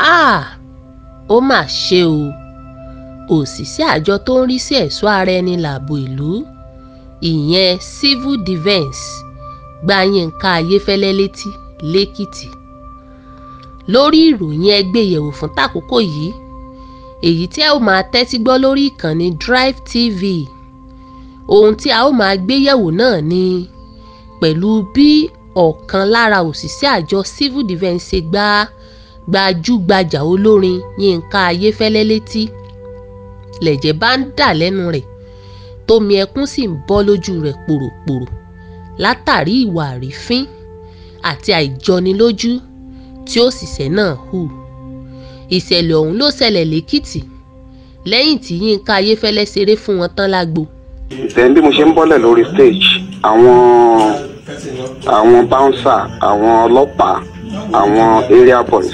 háà ah, ó mà ṣe o òṣìṣẹ́ àjọ tó ń rí sí ẹ̀ṣọ́ ara ẹni láàbò ìlú ìyẹn civil defence gba Yínká Ayéfẹ́lẹ́ létí lẹ́kìtì lórí ìròyìn ẹgbẹ́ yẹ̀wò fún tàkókò yìí èyí tí ẹ ó máa tẹ́tí gbọ́ lórí ìkànnì Drive TV ohun tí a ó máa gbé yẹ̀wò náà ni pẹ̀lú bí ọ̀kan lára òṣìṣẹ́ àjọ civil defence ṣe gbá gbajúgbajà olórin yínká ayéfẹ́lẹ́ létí lẹ̀jẹ̀ bá ń dà lẹ́nu rẹ̀ tómi ẹkún sì ń bọ́ lójú rẹ̀ pòròpòrò látàrí ìwà àrífín àti àìjọnilójú tí òṣìṣẹ́ náà hù ìṣẹ̀lẹ̀ ọ̀hún ló ṣẹlẹ̀ lẹ́kìtì lẹ́yìn tí yínká ayéfẹ́lẹ́ ṣeré fún wọn tán lágbo. then bí mo ṣe ń bọ́lẹ̀ lórí stage àwọn àwọn bouncer àwọn ọlọ́pàá àwọn area boys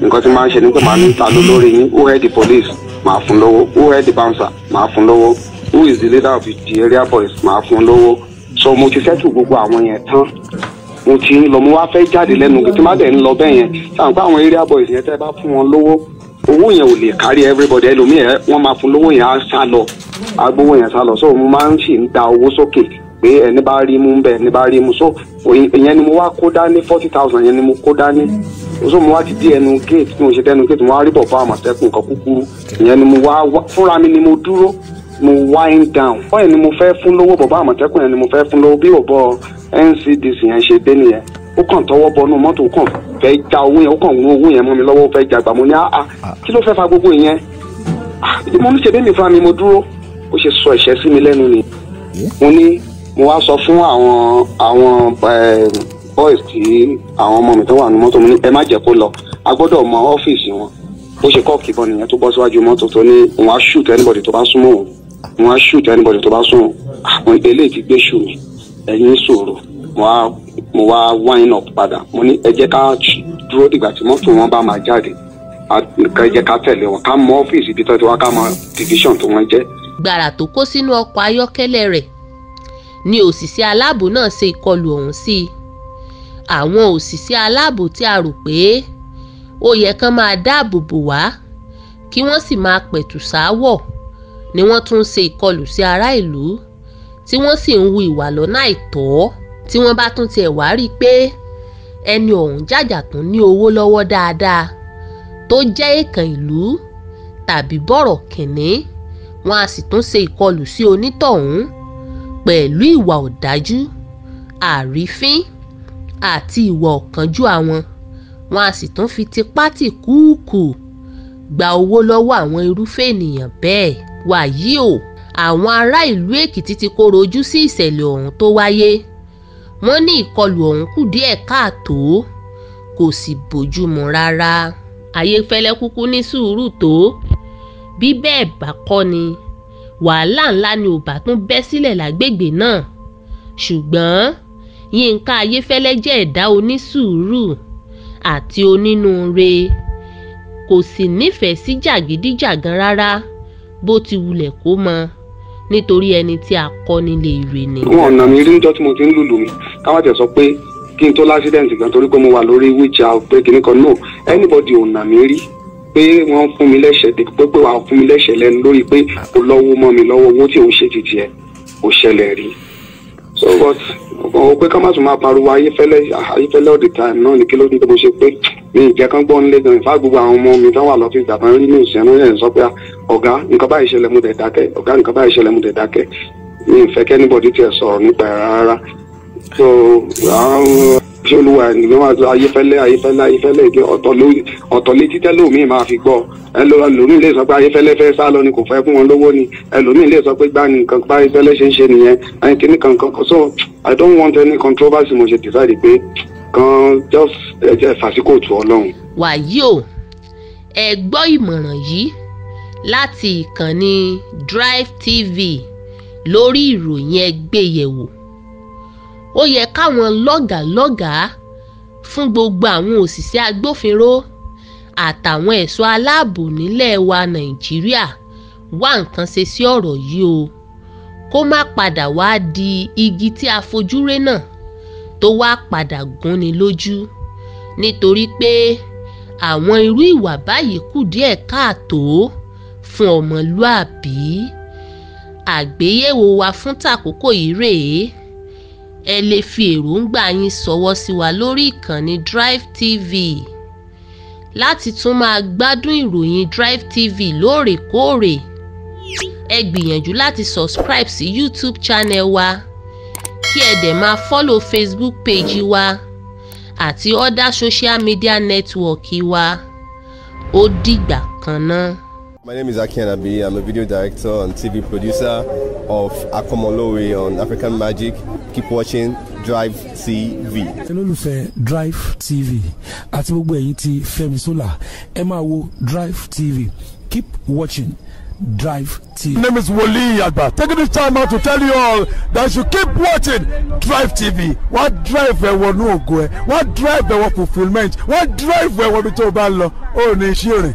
nǹkan tí máa ń ṣe ni pé màá ní ta ló lórí yín who head the police màá fún lówó who head the bouncer màá fún lówó who is the leader of the area boys màá fún lówó so mo ti fẹ́tù gbogbo àwọn yẹn tán mo ti ń lọ mo wá fẹ́ jáde lẹ́nu tí má dẹ̀ ń lọ bẹ́ẹ̀ yẹn sáà pé àwọn area boys yẹn tẹ́ bá fún wọn lówó owó yẹn ò lè kárí everybody ẹlòmíì wọ́n máa fún lówó yẹn á sá lọ agbówó yẹn sá lọ so mo máa ń sì ń da owó sókè pé ẹni bá rí mú bẹ́ẹ̀ ẹni bá rí mú so ìyẹn ni mo wá kó dání forty thousand yẹn ni mo kó dání so mo wá ti dé ẹnu gate tí mo ṣe dẹnu gate mo wá rí bọ̀bá àmọ̀tẹ́kùn kan kúkúrú ìyẹn ni mo wá fúnra mi ni mo dúró mo wind down bọ́ọ̀ ni mo fẹ́ fún lówó bọ̀bá àmọ̀tẹ́kùn yẹn ni mo fẹ́ fún lówó bí bọ̀bọ̀ NCDC yẹn ṣe dé nìyẹn ó kàn tọwọ́ bọnú mọ́tò ó kàn fẹ́ ja owó yẹn ó kàn mú owó yẹn mọ́ mi lọ́wọ́ ó fẹ́ jàgbà mo ní àá ah, ah, kí ló fẹ́ fa gbogbo ìyẹn ah, mo ní ṣe bí mi fúnra mi mo dúró ó ṣe sọ ẹ̀ṣẹ̀ sí mi lẹ́nu ni mo ní mo wá sọ fún àwọn àwọn eh, boys tí àwọn ọmọ mi tó wà ní mọ́tò mi ní ẹ má jẹ́ kó lọ a gbọ́dọ̀ mọ ọ́fíìsì wọn bó ṣe kọ́ kìbọn nìyẹn tó bọ́ síwájú mọ́tò tó ní òun á shoot anybody tó bá súnmọ́ òun òun á shoot anybody tó bá súnmọ́ àwọn ah, eléyìí ti gbé ṣù mí ẹ̀yin sọ̀rọ̀ mo wá wine up padà mo ní ẹ jẹ́ ká dúró dìgbà tí mọ́tò wọn bá máa jáde ẹ jẹ́ ká tẹ̀lé wọn ká mọ ọ́fíìsì ibi tó ti ká mọ division tó wọ́n jẹ́. gbàrà tó kó sínú ọkọ̀ ayọ́kẹ́lẹ́ rẹ̀ ni òṣìṣẹ́ aláàbò náà ṣe ìkọlù ọ̀hún sí i àwọn òṣìṣẹ́ aláàbò tí a rò pé ó yẹ kán máa dáàbò bò wá kí wọ́n sì máa pẹ̀tù sáwọ̀ ni wọ́n tún ń ṣe ìkọlù sí ará ìlú tí wọ́n sì ń hu ìwà lọ́nà àìtọ́ tí wọ́n bá tún tiẹ̀ wá rí i pé ẹni ọ̀hún jàjà ní owó lọ́wọ́ dáadáa tó jẹ́ èèkàn ìlú tàbí bọ̀rọ̀ kìnní wọn a sì tún ṣe ìkọlù sí onítọ̀hún pẹ̀lú ìwà ọ̀dájú àrífín àti ìwà ọ̀kánjúà wọn wọn a sì tún fi tipátìkúùkù gba owó lọ́wọ́ àwọn irúfẹ́ ènìyàn bẹ́ẹ̀ wàyí o àwọn ará ìlú èkìtì ti kóró ojú sí ìṣẹ̀lẹ̀ ọ̀hún tó wáyé wọ́n ní ìkọlù ọ̀hún kù díẹ̀ káàtó kò sì bójúmu rárá ayéfẹ́lẹ́ kúkú ní sùúrù tó bí bẹ́ẹ̀ bá kọ́ ni wàhálà ńlá ni ò bá tún bẹ́ sílẹ̀ lágbègbè náà ṣùgbọ́n Yínká Ayéfẹ́lẹ́ jẹ́ ẹ̀dá onísùúrù àti onínúure kò sì nífẹ̀ẹ́ sí jàgídíjàgan rárá bó ti wulẹ̀ kó mọ nítorí ẹni tí a kọ́ nílé ìrè ni. wọn ọ̀nà mi rí níjọ́ tí mo ti ń lùlù mi káwọn tẹ̀ sọ pé kí n tó lásídẹ̀ǹtì gan torí pé mo wà lórí wíjà pé kìnnìkan no anybody ò nà mí rí pé wọ́n fún mi lẹ́sẹ̀ pé pé wọ́n fún mi lẹ́sẹ̀ lẹ́nu lórí pé kò lọ́wọ́ mọ́ mi lọ́wọ́ owó tí òun ṣe ti tiẹ̀ kò ṣẹlẹ̀ rí so but o pé ká má tún máa pariwo ayéfẹ́lẹ́ ayéfẹ́lẹ́ all the time náà ní kí ló ní tó ṣe pé mi ìjẹ́ kan gbọ́ nílé gan ìfá gbogbo àwọn ọmọ mi tán wà lọ́fíìsì tàbí rí ní òsì ẹnu yẹn sọ pé ọ̀gá nǹkan báyìí ṣẹlẹ̀ mo dẹ̀ dákẹ́ ọ̀gá nǹkan báyìí ṣẹlẹ̀ mo dẹ̀ dákẹ́ mi ìfẹ́ kẹ́ anybody tiẹ̀ sọ̀rọ̀ nípa ẹ̀ rárá so tí olúwa nìgbẹ́ máa tó ayéfẹ́lẹ́ ayéfẹ́lẹ́ ayéfẹ́lẹ́ ìgbẹ́ ọ̀tọ̀ létí tẹ́lẹ̀ máa fi gbọ́ ẹlòmíì lè sọ pé ayéfẹ́lẹ́ fẹ́ sá lọ ni kò fẹ́ fún wọn lówó ni ẹlòmíì lè sọ pé gbá ni nǹkan bá ayéfẹ́lẹ́ ṣe ń ṣe nìyẹn ẹni kíní kankan so i don't want any controversy mo ṣe decide pé kan just ẹ jẹ́ fàsíkò tù ọlọ́run. wàyí o ẹ gbọ́ ìmọ̀ràn yìí láti ìkànnì drive tv lórí ìròyìn ẹgbẹ́ yẹ̀wò ó yẹ káwọn lọ́gàá-lọ́gàá fún gbogbo àwọn òṣìṣẹ́ agbófinró àtàwọn ẹ̀ṣọ́ aláàbò nílẹ̀ wa nàìjíríà wá nǹkan ṣe sí ọ̀rọ̀ yìí o kó má padà wá di igi tí a fojú ré náà tó wá padà gúnni lójú nítorí pé àwọn irú ìwà báyìí kù díẹ̀ káàtó fún ọmọlúàbí àgbéyẹ̀wò wa fún tàkókò yìí rèé ẹ lè fi èròǹgbà yín ṣọwọ́ sí wa lórí ìkànnì Drive TV láti tún máa gbádùn ìròyìn Drive TV lóòrèkóòrè ẹ gbìyànjú láti subscribe sí si YouTube channel wa kí ẹ dẹ̀ máa follow Facebook page wa àti other social media network wa ó dìgbà kan náà. My name is Akian Abi. I'm a video director and TV producer of Akomolowe on African Magic. Keep watching Drive TV. olólùfẹ́ Drive TV àti gbogbo ẹ̀yin ti Fẹ́mi Sola wo Drive TV keep watching. Drive TV. My name is Wole Yadba. Taking this time out to tell you all that you keep watching Drive TV. What drive we ní go? ẹ̀, wọ́n drive ẹ̀wọ̀ fulfilment, What drive we want tó o bá lọ, ní